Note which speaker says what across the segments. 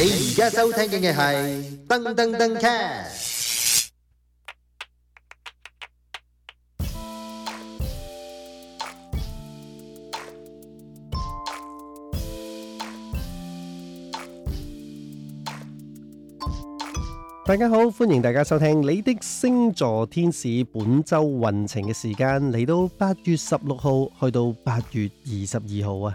Speaker 1: 你而家收聽嘅係《燈登登 Podcast》。大家好，歡迎大家收聽你的星座天使本周運程嘅時間，嚟到八月十六號，去到八月二十二號啊！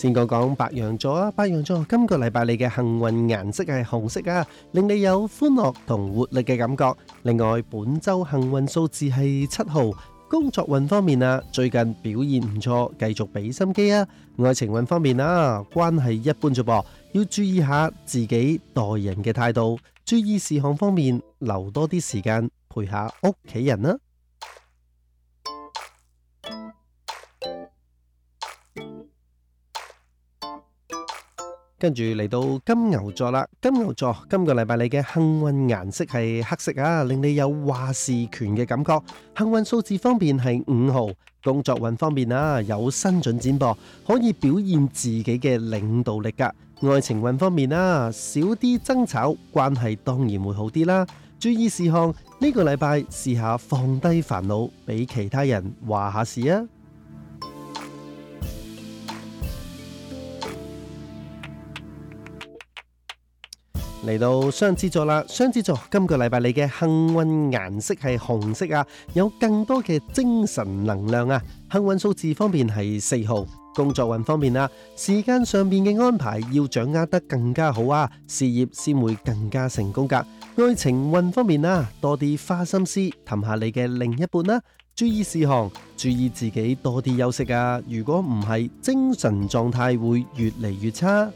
Speaker 1: 先講講白羊座啊，白羊座今個禮拜你嘅幸運顏色係紅色啊，令你有歡樂同活力嘅感覺。另外本周幸運數字係七號，工作運方面啊，最近表現唔錯，繼續俾心機啊。愛情運方面啊，關係一般啫噃，要注意下自己待人嘅態度，注意事項方面留多啲時間陪下屋企人啊。跟住嚟到金牛座啦，金牛座今個禮拜你嘅幸運顏色係黑色啊，令你有話事權嘅感覺。幸運數字方面係五號，工作運方面啊，有新進展噃，可以表現自己嘅領導力噶。愛情運方面啊，少啲爭吵，關係當然會好啲啦。注意事項，呢個禮拜試下放低煩惱，俾其他人話下事啊。嚟到雙子座啦，雙子座今個禮拜你嘅幸運顏色係紅色啊，有更多嘅精神能量啊，幸運數字方面係四號，工作運方面啊，時間上面嘅安排要掌握得更加好啊，事業先會更加成功噶，愛情運方面啊，多啲花心思氹下你嘅另一半啦，注意事項，注意自己多啲休息啊，如果唔係，精神狀態會越嚟越差。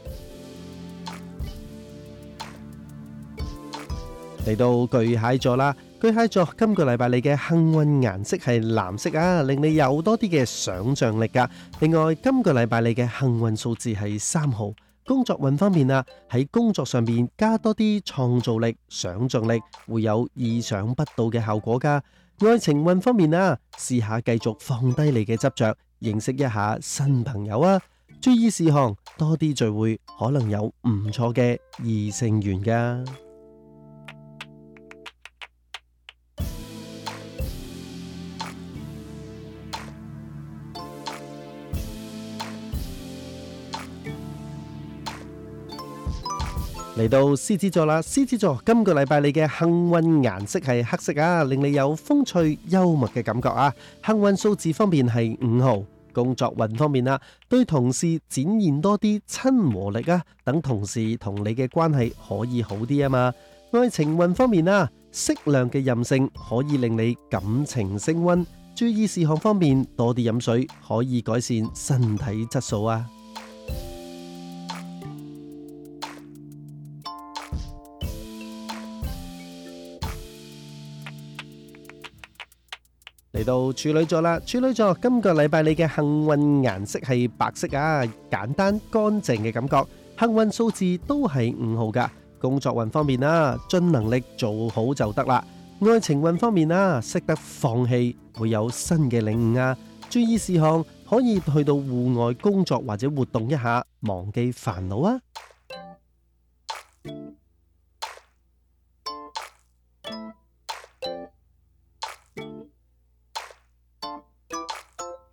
Speaker 1: 嚟到巨蟹座啦，巨蟹座今個禮拜你嘅幸運顏色係藍色啊，令你有多啲嘅想象力噶、啊。另外，今個禮拜你嘅幸運數字係三號。工作運方面啊，喺工作上面加多啲創造力、想象力，會有意想不到嘅效果噶。愛情運方面啊，試下繼續放低你嘅執着，認識一下新朋友啊。注意事項，多啲聚會可能有唔錯嘅異性緣噶。嚟到獅子座啦，獅子座今個禮拜你嘅幸運顏色係黑色啊，令你有風趣幽默嘅感覺啊。幸運數字方面係五號，工作運方面啊，對同事展現多啲親和力啊，等同事同你嘅關係可以好啲啊嘛。愛情運方面啊，適量嘅任性可以令你感情升溫。注意事項方面，多啲飲水可以改善身體質素啊。到處女座啦，處女座今個禮拜你嘅幸運顏色係白色啊，簡單乾淨嘅感覺，幸運數字都係五號噶。工作運方面啦，盡能力做好就得啦。愛情運方面啦，識得放棄會有新嘅領悟啊。注意事項可以去到戶外工作或者活動一下，忘記煩惱啊。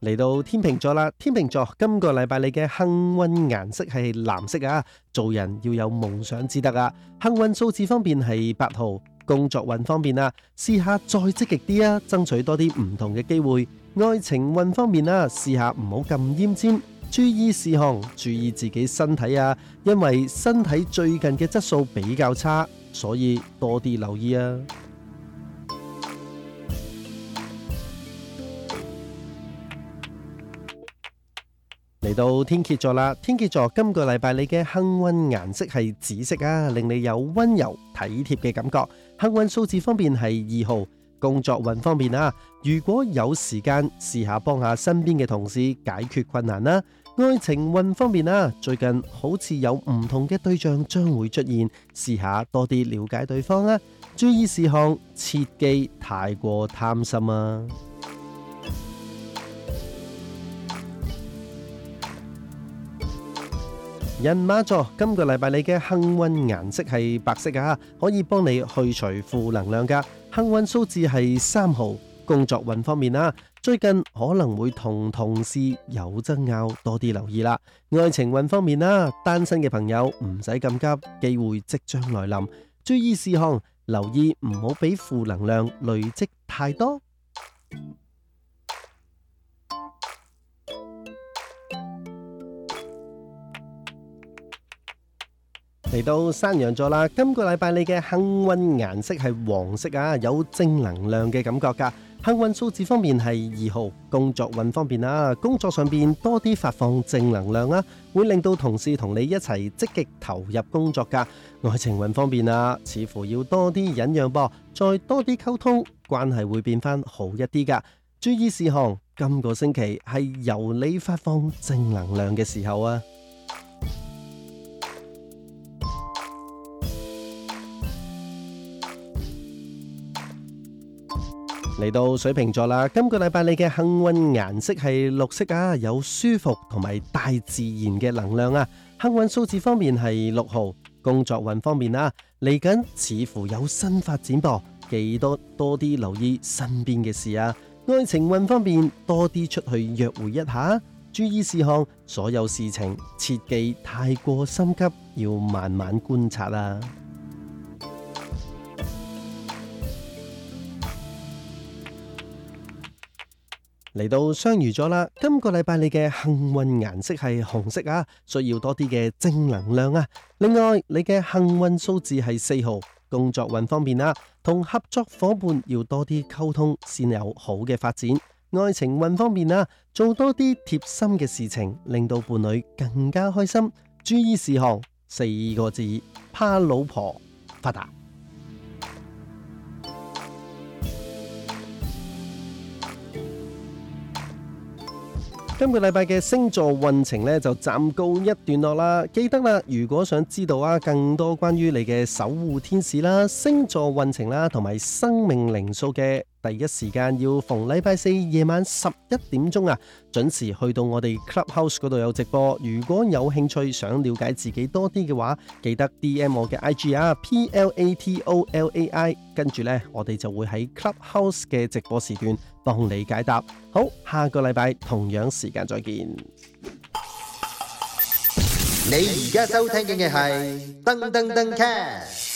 Speaker 1: 嚟到天秤座啦，天秤座今個禮拜你嘅幸運顏色係藍色啊！做人要有夢想至得啊！幸運數字方面係八號，工作運方面啊，試下再積極啲啊，爭取多啲唔同嘅機會。愛情運方面啊，試下唔好咁奄尖，注意事項，注意自己身體啊，因為身體最近嘅質素比較差，所以多啲留意啊。嚟到天蠍座啦，天蠍座今個禮拜你嘅幸運顏色係紫色啊，令你有溫柔體貼嘅感覺。幸運數字方面係二號，工作運方面啊，如果有時間試下幫下身邊嘅同事解決困難啦啊。愛情運方面啊，最近好似有唔同嘅對象將會出現，試下多啲了解對方啊。注意事項，切忌太過貪心啊。人馬座，今個禮拜你嘅幸運顏色係白色啊，可以幫你去除負能量噶。幸運數字係三號。工作運方面啦，最近可能會同同事有爭拗，多啲留意啦。愛情運方面啦，單身嘅朋友唔使咁急，機會即將來臨。注意事項，留意唔好俾負能量累積太多。嚟到山羊座啦，今個禮拜你嘅幸運顏色係黃色啊，有正能量嘅感覺噶。幸運數字方面係二號，工作運方面啊。工作上邊多啲發放正能量啊，會令到同事同你一齊積極投入工作噶。愛情運方面啊，似乎要多啲忍讓噃，再多啲溝通，關係會變翻好一啲噶。注意事項，今個星期係由你發放正能量嘅時候啊！嚟到水瓶座啦，今個禮拜你嘅幸運顏色係綠色啊，有舒服同埋大自然嘅能量啊。幸運數字方面係六號，工作運方面啊，嚟緊似乎有新發展噃，記得多啲留意身邊嘅事啊。愛情運方面，多啲出去約會一下。注意事項，所有事情切忌太過心急，要慢慢觀察啊。嚟到雙魚座啦！今個禮拜你嘅幸運顏色係紅色啊，需要多啲嘅正能量啊。另外，你嘅幸運數字係四號，工作運方面啦、啊，同合作夥伴要多啲溝通，先有好嘅發展。愛情運方面啦、啊，做多啲貼心嘅事情，令到伴侶更加開心。注意事項四個字：怕老婆發達。今個禮拜嘅星座運程呢，就暫告一段落啦。記得啦，如果想知道啊，更多關於你嘅守護天使啦、星座運程啦同埋生命靈數嘅。第一時間要逢禮拜四夜晚十一點鐘啊，準時去到我哋 Clubhouse 嗰度有直播。如果有興趣想了解自己多啲嘅話，記得 D M 我嘅 I G r、啊、P L A T O L A I。跟住呢，我哋就會喺 Clubhouse 嘅直播時段幫你解答。好，下個禮拜同樣時間再見。你而家收聽嘅係燈登登 Cast